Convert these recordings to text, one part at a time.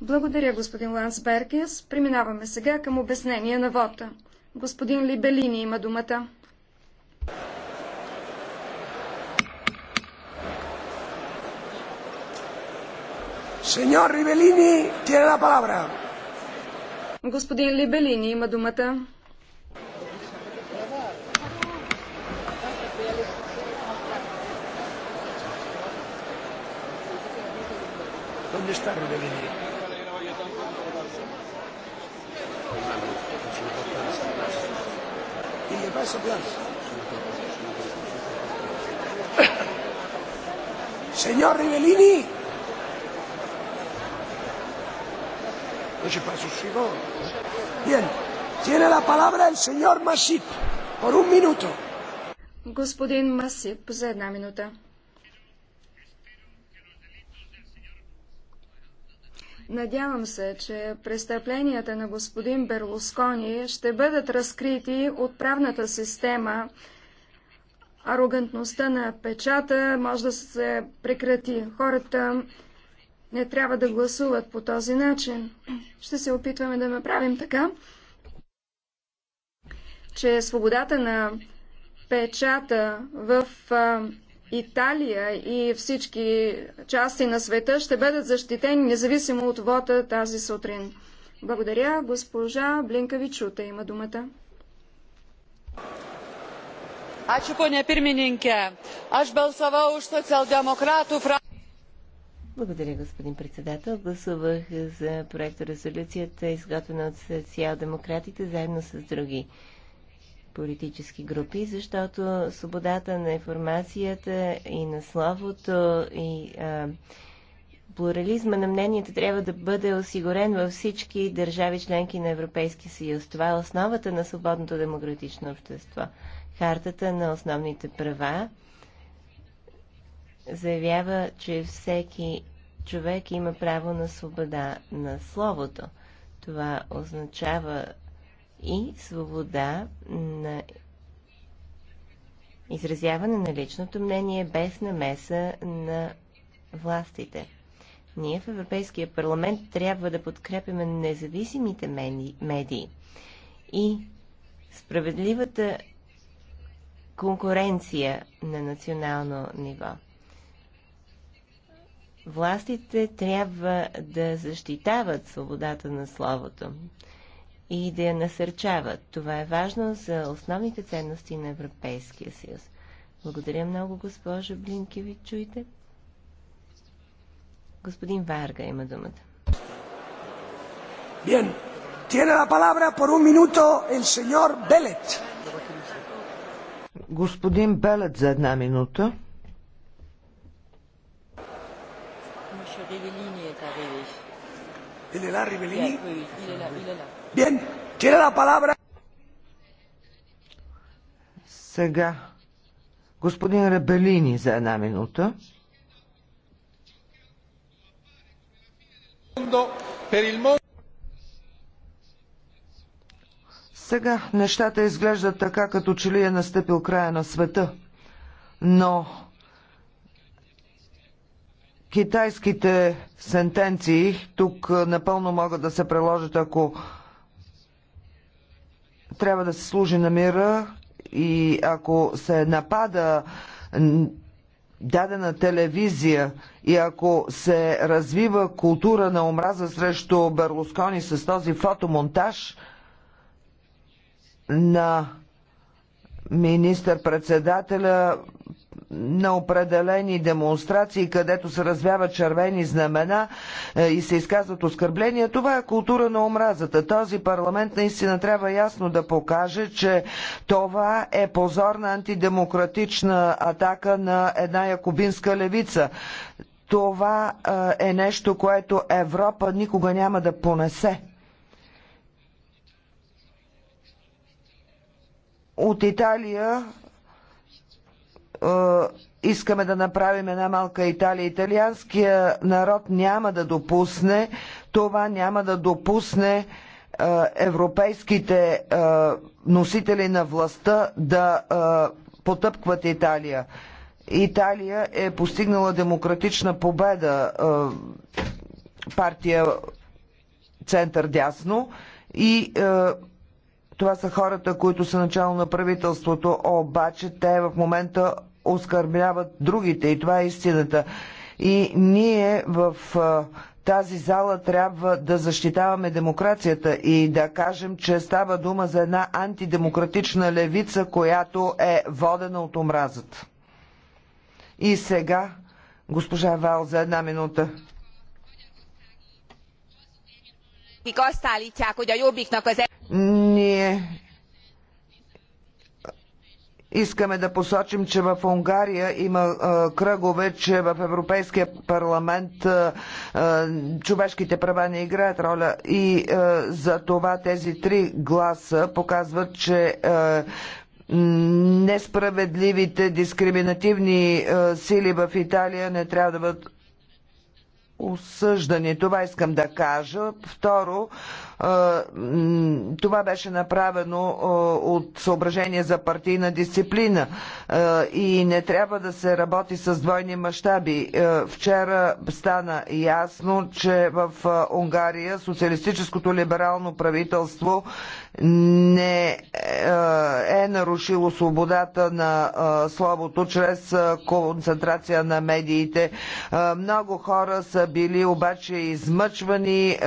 Благодаря, господин Лансбергес. Преминаваме сега към обяснение на вота. Господин Либелини има думата. Сеньор Рибелини, тя la palabra. Господин Либелини има думата. ¿Dónde está Nice applause. Señor Rivellini. No se pasa su Bien. Tiene la palabra el señor Masip por un minuto. Господин Масип, за една минута. Надявам се, че престъпленията на господин Берлускони ще бъдат разкрити от правната система. Арогантността на печата може да се прекрати. Хората не трябва да гласуват по този начин. Ще се опитваме да направим така, че свободата на печата в Италия и всички части на света ще бъдат защитени независимо от вода тази сутрин. Благодаря. Госпожа Блинкавичута има думата. Ačiū, ponė pirmininkė. Aš balsavau už socialdemokratų frakciją. Благодаря, господин председател. Гласувах за проекта резолюцията, изготвена от социал-демократите, заедно с други политически групи, защото свободата на информацията и на словото и а, плурализма на мненията трябва да бъде осигурен във всички държави членки на Европейския съюз. Това е основата на свободното демократично общество. Хартата на основните права заявява, че всеки човек има право на свобода на словото. Това означава и свобода на изразяване на личното мнение без намеса на властите. Ние в Европейския парламент трябва да подкрепяме независимите медии и справедливата конкуренция на национално ниво. Властите трябва да защитават свободата на словото и да я насърчават. Това е важно за основните ценности на Европейския съюз. Благодаря много, госпожа Блинки, ви Чуйте. Господин Варга има думата. Bien. Tiene la palabra por un minuto el señor Белет. Господин Белет за една минута. Monsieur Rivellini est arrivé. Il est là, Rivellini? il est là, il est là. Bien, tiene la palabra. Сега господин Ребелини за една минута. Сега нещата изглеждат така, като че ли е настъпил края на света. Но китайските сентенции тук напълно могат да се преложат, ако трябва да се служи на мира и ако се напада дадена телевизия и ако се развива култура на омраза срещу Берлускони с този фотомонтаж на министър-председателя на определени демонстрации, където се развяват червени знамена е, и се изказват оскърбления. Това е култура на омразата. Този парламент наистина трябва ясно да покаже, че това е позорна антидемократична атака на една якобинска левица. Това е, е нещо, което Европа никога няма да понесе. От Италия е, искаме да направим една малка Италия. Италианския народ няма да допусне това, няма да допусне е, европейските е, носители на властта да потъпкват Италия. Италия е постигнала демократична победа партия център-дясно и това са хората, които са начало на правителството, обаче те в момента оскърбяват другите и това е истината. И ние в тази зала трябва да защитаваме демокрацията и да кажем, че става дума за една антидемократична левица, която е водена от омразата. И сега, госпожа Вал, за една минута. Ние искаме да посочим, че в Унгария има кръгове, че в Европейския парламент човешките права не играят роля и за това тези три гласа показват, че несправедливите дискриминативни сили в Италия не трябва да бъдат осъждани. Това искам да кажа. Второ, това беше направено от съображение за партийна дисциплина и не трябва да се работи с двойни мащаби. Вчера стана ясно, че в Унгария социалистическото либерално правителство не е нарушило свободата на словото чрез концентрация на медиите. Много хора са били обаче измъчвани,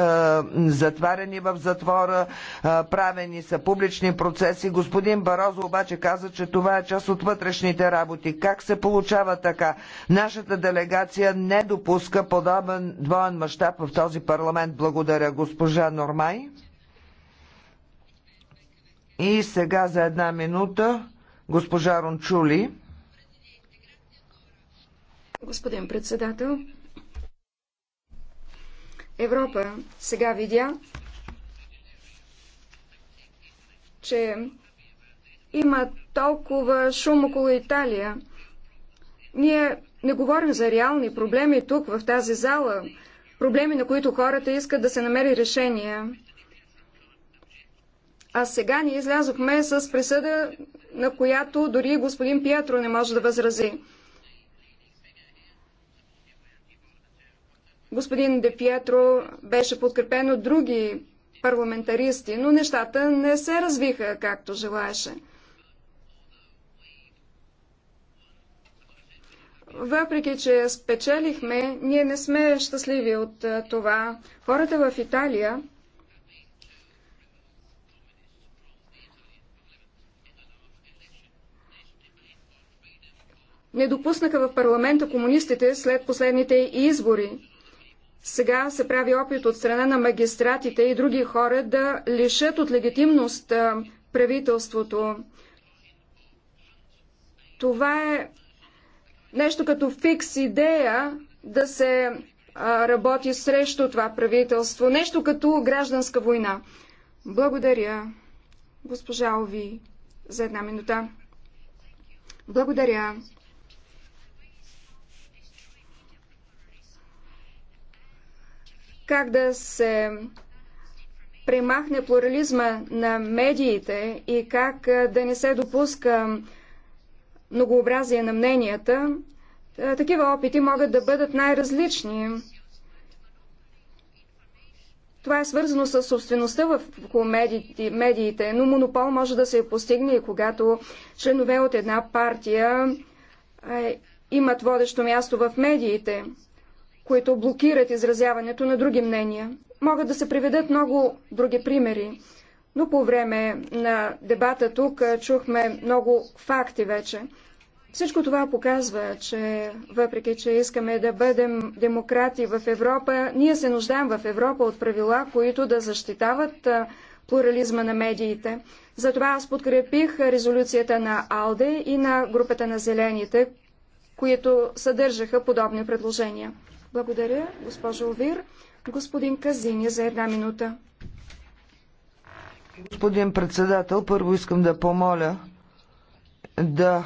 затваряни в затвора, правени са публични процеси. Господин Барозо обаче каза, че това е част от вътрешните работи. Как се получава така? Нашата делегация не допуска подобен двоен мащаб в този парламент. Благодаря, госпожа Нормай. И сега за една минута госпожа Рончули. Господин председател, Европа сега видя, че има толкова шум около Италия. Ние не говорим за реални проблеми тук, в тази зала, проблеми, на които хората искат да се намери решение. А сега ние излязохме с присъда, на която дори господин Пиетро не може да възрази. Господин Де Пиетро беше подкрепен от други парламентаристи, но нещата не се развиха както желаеше. Въпреки, че спечелихме, ние не сме щастливи от това. Хората в Италия не допуснаха в парламента комунистите след последните избори. Сега се прави опит от страна на магистратите и други хора да лишат от легитимност правителството. Това е нещо като фикс идея да се работи срещу това правителство. Нещо като гражданска война. Благодаря, госпожа Ови, за една минута. Благодаря. как да се премахне плурализма на медиите и как да не се допуска многообразие на мненията, такива опити могат да бъдат най-различни. Това е свързано с собствеността в медиите, но монопол може да се постигне и когато членове от една партия имат водещо място в медиите които блокират изразяването на други мнения. Могат да се приведат много други примери, но по време на дебата тук чухме много факти вече. Всичко това показва, че въпреки, че искаме да бъдем демократи в Европа, ние се нуждаем в Европа от правила, които да защитават плурализма на медиите. Затова аз подкрепих резолюцията на АЛДЕ и на групата на зелените, които съдържаха подобни предложения. Благодаря, госпожо Овир. Господин Казиня за една минута. Господин председател, първо искам да помоля да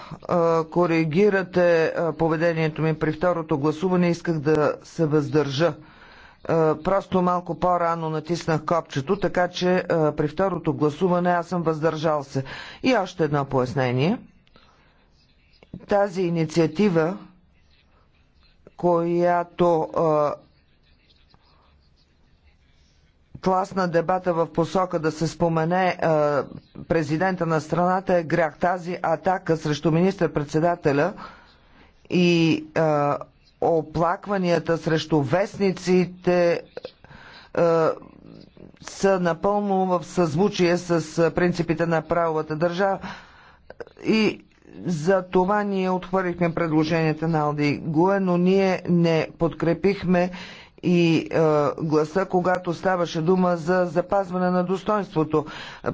коригирате поведението ми при второто гласуване. Исках да се въздържа. Просто малко по-рано натиснах копчето, така че при второто гласуване аз съм въздържал се. И още едно пояснение. Тази инициатива която тласна дебата в посока да се спомене президента на страната е грях. Тази атака срещу министър-председателя и оплакванията срещу вестниците са напълно в съзвучие с принципите на правовата държава. И за това ние отхвърлихме предложенията на Алди Гуе, но ние не подкрепихме и е, гласа, когато ставаше дума за запазване на достоинството.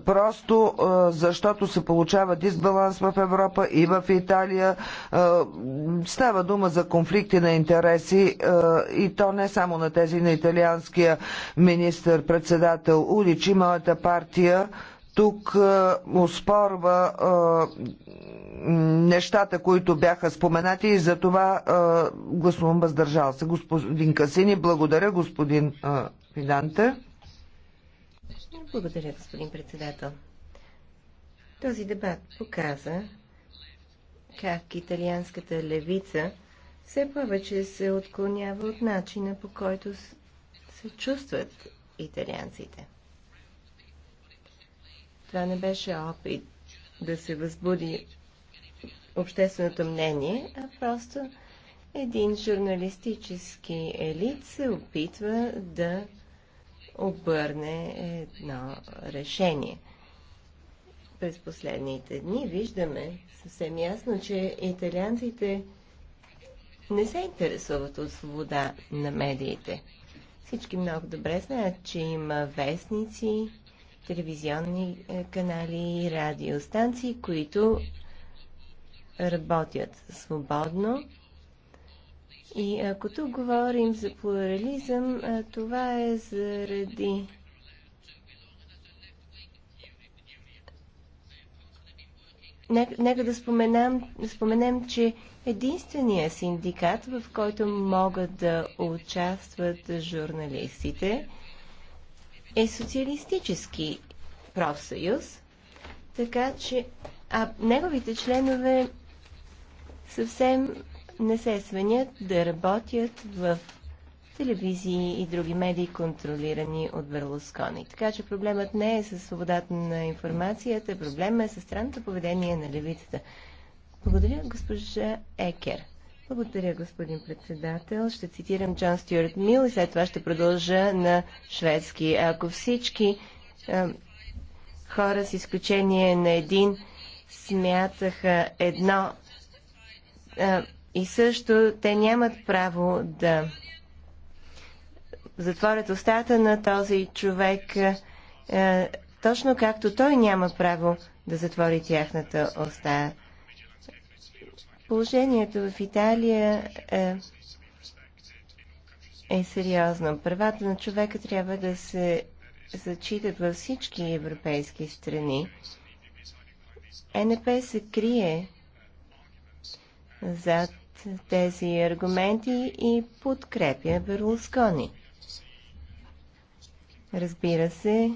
Просто е, защото се получава дисбаланс в Европа и в Италия. Е, става дума за конфликти на интереси е, и то не само на тези на италианския министър-председател Уличи, моята партия тук е, оспорва е, нещата, които бяха споменати и за това е, гласувам въздържал се. Господин Касини, благодаря, господин Финанте. Благодаря, господин председател. Този дебат показа как италианската левица все повече се отклонява от начина по който се чувстват италианците. Това не беше опит да се възбуди общественото мнение, а просто един журналистически елит се опитва да обърне едно решение. През последните дни виждаме съвсем ясно, че италианците не се интересуват от свобода на медиите. Всички много добре знаят, че има вестници, телевизионни е, канали и радиостанции, които работят свободно. И ако тук говорим за плурализъм, е, това е заради нека, да споменам, споменем, че единствения синдикат, в който могат да участват журналистите, е социалистически профсъюз, така че а неговите членове съвсем не се свенят да работят в телевизии и други медии, контролирани от Берлускони. Така че проблемът не е със свободата на информацията, проблемът е с странното поведение на левицата. Благодаря, госпожа Екер. Благодаря, господин председател. Ще цитирам Джон Стюарт Мил и след това ще продължа на шведски. Ако всички хора с изключение на един смятаха едно и също, те нямат право да затворят устата на този човек, точно както той няма право да затвори тяхната уста. Положението в Италия е, е сериозно. Правата на човека трябва да се зачитат във всички европейски страни. Е НП се крие зад тези аргументи и подкрепя Берлускони. Разбира се,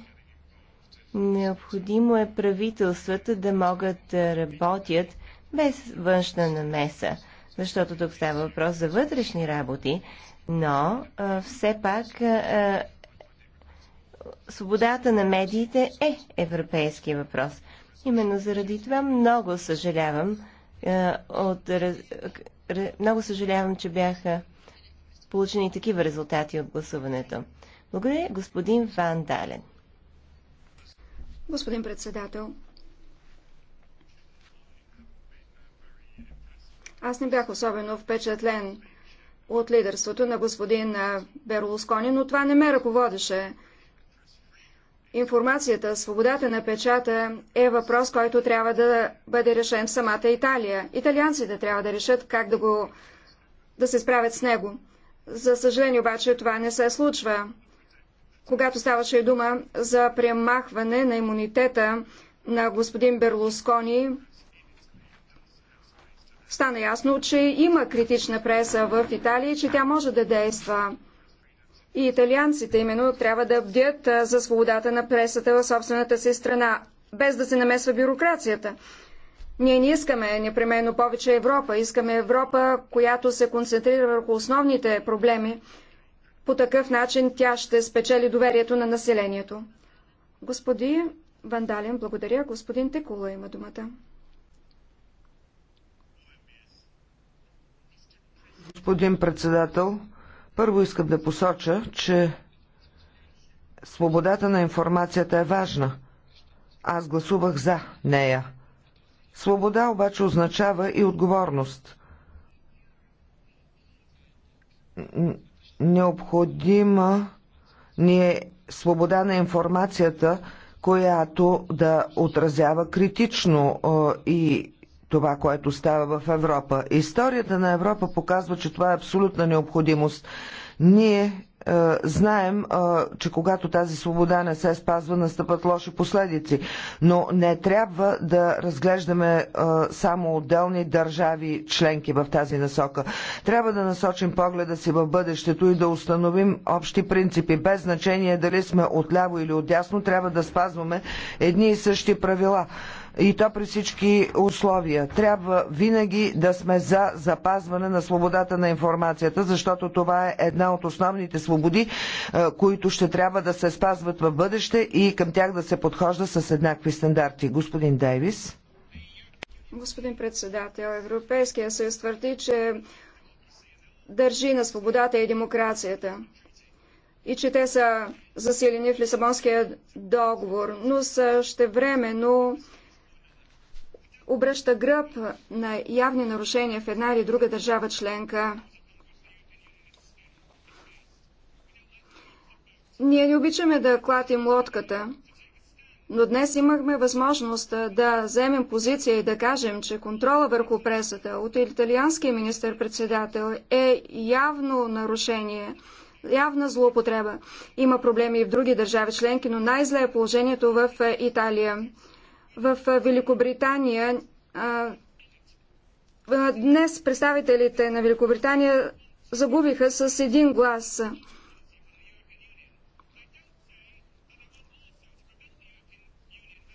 необходимо е правителствата да могат да работят без външна намеса, защото тук става въпрос за вътрешни работи, но а, все пак а, свободата на медиите е европейски въпрос. Именно заради това много съжалявам, а, от, раз, много съжалявам, че бяха получени такива резултати от гласуването. Благодаря, господин Ван Дален. Господин председател, Аз не бях особено впечатлен от лидерството на господин Берлускони, но това не ме ръководеше. Информацията, свободата на печата е въпрос, който трябва да бъде решен в самата Италия. Италианците трябва да решат как да, го, да се справят с него. За съжаление обаче това не се случва. Когато ставаше и дума за премахване на имунитета на господин Берлускони, стана ясно, че има критична преса в Италия и че тя може да действа. И италианците именно трябва да бдят за свободата на пресата в собствената си страна, без да се намесва бюрокрацията. Ние не искаме непременно повече Европа, искаме Европа, която се концентрира върху основните проблеми. По такъв начин тя ще спечели доверието на населението. Господи Вандален, благодаря. Господин Текула има думата. Господин председател, първо искам да посоча, че свободата на информацията е важна. Аз гласувах за нея. Свобода обаче означава и отговорност. Необходима ни е свобода на информацията, която да отразява критично и това, което става в Европа. Историята на Европа показва, че това е абсолютна необходимост. Ние е, знаем, е, че когато тази свобода не се спазва, настъпат лоши последици. Но не трябва да разглеждаме е, само отделни държави членки в тази насока. Трябва да насочим погледа си в бъдещето и да установим общи принципи. Без значение дали сме отляво или отдясно, трябва да спазваме едни и същи правила и то при всички условия. Трябва винаги да сме за запазване на свободата на информацията, защото това е една от основните свободи, е, които ще трябва да се спазват в бъдеще и към тях да се подхожда с еднакви стандарти. Господин Дейвис. Господин председател, Европейския съюз твърди, че държи на свободата и демокрацията и че те са засилени в Лисабонския договор, но същевременно времено обръща гръб на явни нарушения в една или друга държава членка. Ние не обичаме да клатим лодката, но днес имахме възможност да вземем позиция и да кажем, че контрола върху пресата от италианския министър-председател е явно нарушение, явна злоупотреба. Има проблеми и в други държави членки, но най-зле е положението в Италия. В Великобритания днес представителите на Великобритания загубиха с един глас.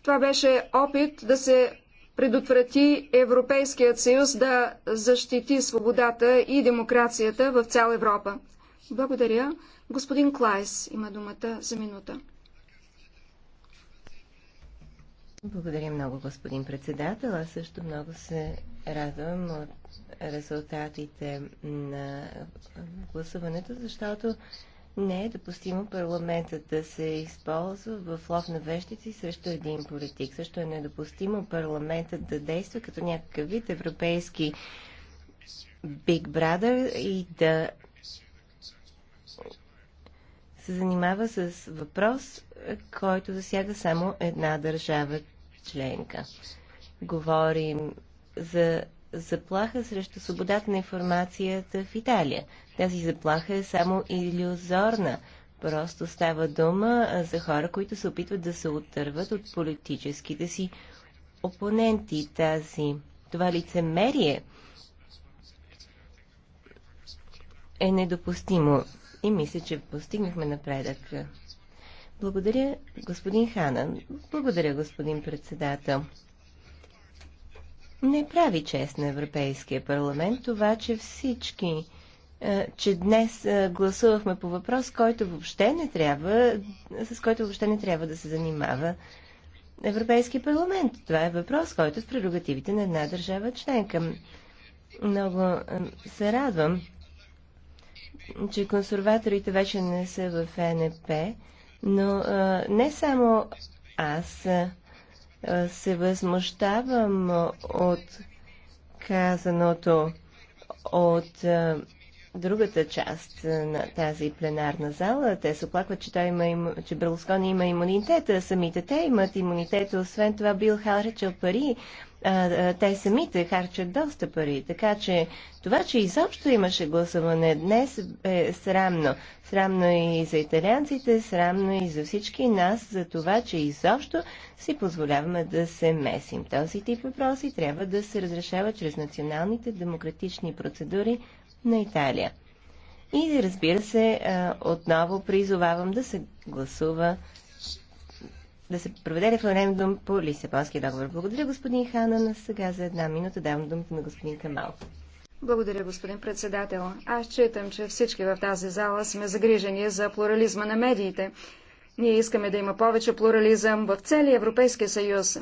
Това беше опит да се предотврати Европейският съюз да защити свободата и демокрацията в цяла Европа. Благодаря. Господин Клайс има думата за минута. Благодаря много, господин председател. Аз също много се радвам от резултатите на гласуването, защото не е допустимо парламентът да се използва в лов на вещици срещу един политик. Също е недопустимо парламентът да действа като някакъв вид европейски Big Brother и да се занимава с въпрос, който засяга само една държава членка. Говорим за заплаха срещу свободата на информацията в Италия. Тази заплаха е само иллюзорна. Просто става дума за хора, които се опитват да се отърват от политическите си опоненти. Тази, това лицемерие е недопустимо и мисля, че постигнахме напредък. Благодаря, господин Ханан. Благодаря, господин председател. Не прави чест на Европейския парламент това, че всички, е, че днес е, гласувахме по въпрос, който въобще не трябва, с който въобще не трябва да се занимава Европейския парламент. Това е въпрос, който с прерогативите на една държава членка. Много е, се радвам, че консерваторите вече не са в е НП, но а, не само аз а, се възмущавам от казаното от а, другата част на тази пленарна зала. Те се оплакват, че, той има, че Берлускони има имунитет, а самите те имат имунитет. Освен това, Бил харчал пари те самите харчат доста пари. Така че това, че изобщо имаше гласуване днес е срамно. Срамно и за италианците, срамно и за всички нас, за това, че изобщо си позволяваме да се месим. Този тип въпроси трябва да се разрешава чрез националните демократични процедури на Италия. И разбира се, отново призовавам да се гласува да се проведе референдум по Лисабонския договор. Благодаря, господин Ханан. Сега за една минута давам думата на господин Камал. Благодаря, господин председател. Аз считам, че всички в тази зала сме загрижени за плурализма на медиите. Ние искаме да има повече плурализъм в целия Европейския съюз.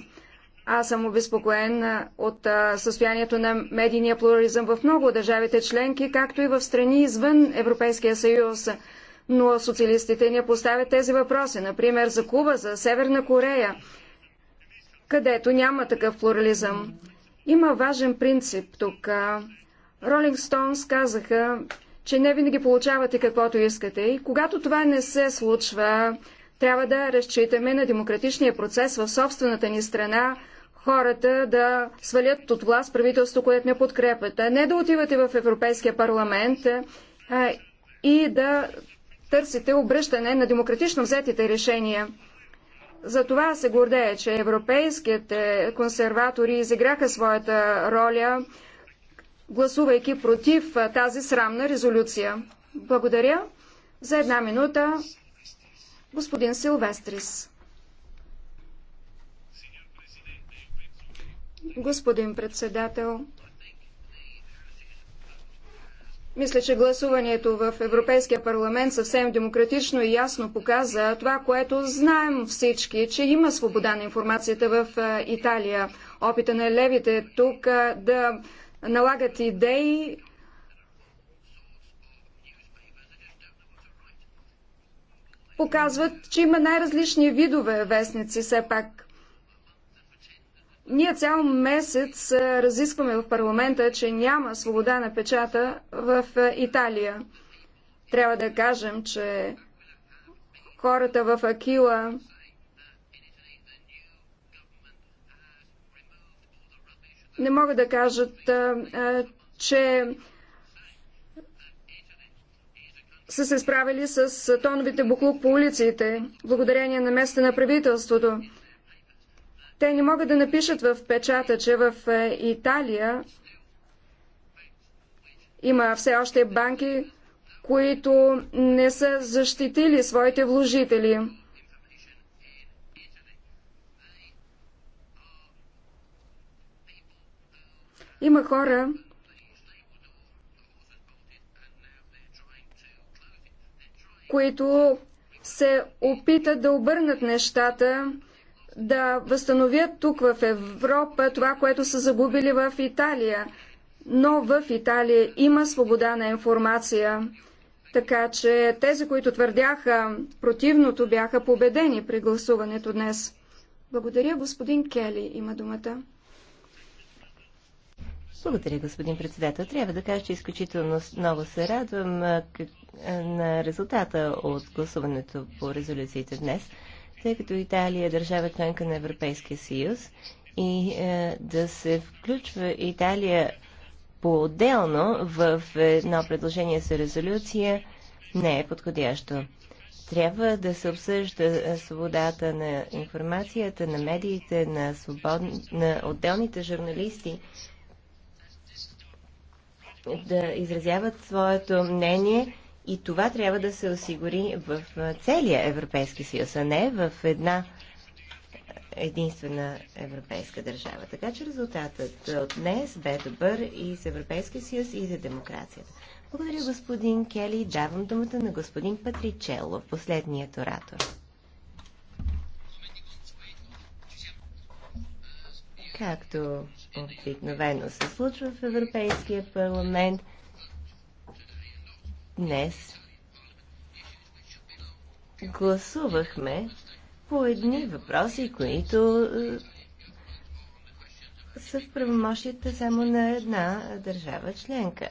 Аз съм обезпокоен от състоянието на медийния плурализъм в много държавите членки, както и в страни извън Европейския съюз но социалистите не поставят тези въпроси. Например, за Куба, за Северна Корея, където няма такъв плурализъм. Има важен принцип тук. Ролинг Стоунс казаха, че не винаги получавате каквото искате. И когато това не се случва, трябва да разчитаме на демократичния процес в собствената ни страна, хората да свалят от власт правителство, което не подкрепят. А не да отивате в Европейския парламент а, и да търсите обръщане на демократично взетите решения. За това се гордея, че европейските консерватори изиграха своята роля, гласувайки против тази срамна резолюция. Благодаря. За една минута господин Силвестрис. Господин председател, мисля, че гласуването в Европейския парламент съвсем демократично и ясно показа това, което знаем всички, че има свобода на информацията в Италия. Опита на левите тук да налагат идеи, показват, че има най-различни видове вестници все пак. Ние цял месец е, разискваме в парламента, че няма свобода на печата в е, Италия. Трябва да кажем, че хората в Акила не могат да кажат, е, че са се справили с тоновите буклук по улиците, благодарение на места на правителството. Те не могат да напишат в печата, че в е, Италия има все още банки, които не са защитили своите вложители. Има хора, които се опитат да обърнат нещата да възстановят тук в Европа това, което са загубили в Италия. Но в Италия има свобода на информация. Така че тези, които твърдяха противното, бяха победени при гласуването днес. Благодаря, господин Кели. Има думата. Благодаря, господин председател. Трябва да кажа, че изключително много се радвам на резултата от гласуването по резолюциите днес тъй като Италия е държава членка на Европейския съюз и е, да се включва Италия по-отделно в едно предложение за резолюция не е подходящо. Трябва да се обсъжда е, свободата на информацията, на медиите, на, свобод... на отделните журналисти, да изразяват своето мнение и това трябва да се осигури в целия Европейски съюз, а не в една единствена европейска държава. Така че резултатът от днес бе добър и за Европейския съюз, и за демокрацията. Благодаря господин Кели. Давам думата на господин Патричело, последният оратор. Както обикновено се случва в Европейския парламент, днес гласувахме по едни въпроси, които е, са в правомощите само на една държава членка.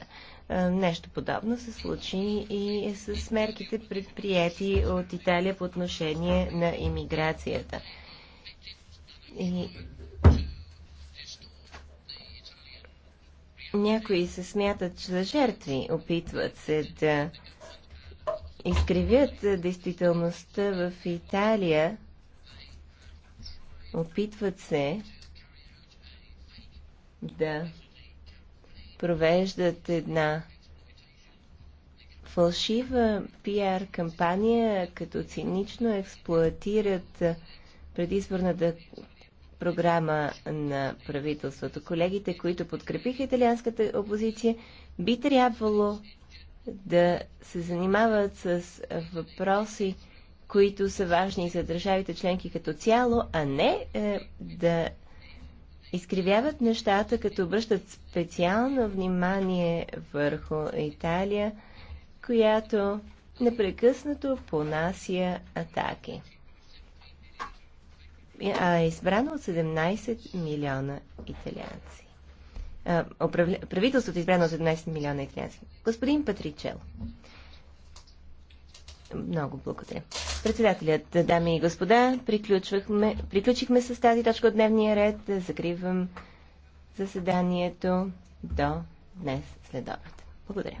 Е, нещо подобно се случи и с мерките предприяти от Италия по отношение на иммиграцията. И Някои се смятат за жертви, опитват се да изкривят действителността в Италия, опитват се да провеждат една фалшива пиар кампания, като цинично експлуатират предизборната програма на правителството. Колегите, които подкрепиха италианската опозиция, би трябвало да се занимават с въпроси, които са важни за държавите членки като цяло, а не е, да изкривяват нещата, като обръщат специално внимание върху Италия, която непрекъснато понася атаки. Е, а е избрано от 17 милиона италианци. А, управля... Правителството е избрано от 17 милиона италианци. Господин Патричел. Много благодаря. Председателят, дами и господа, приключвахме... приключихме с тази точка от дневния ред. Закривам заседанието до днес след обед. Благодаря.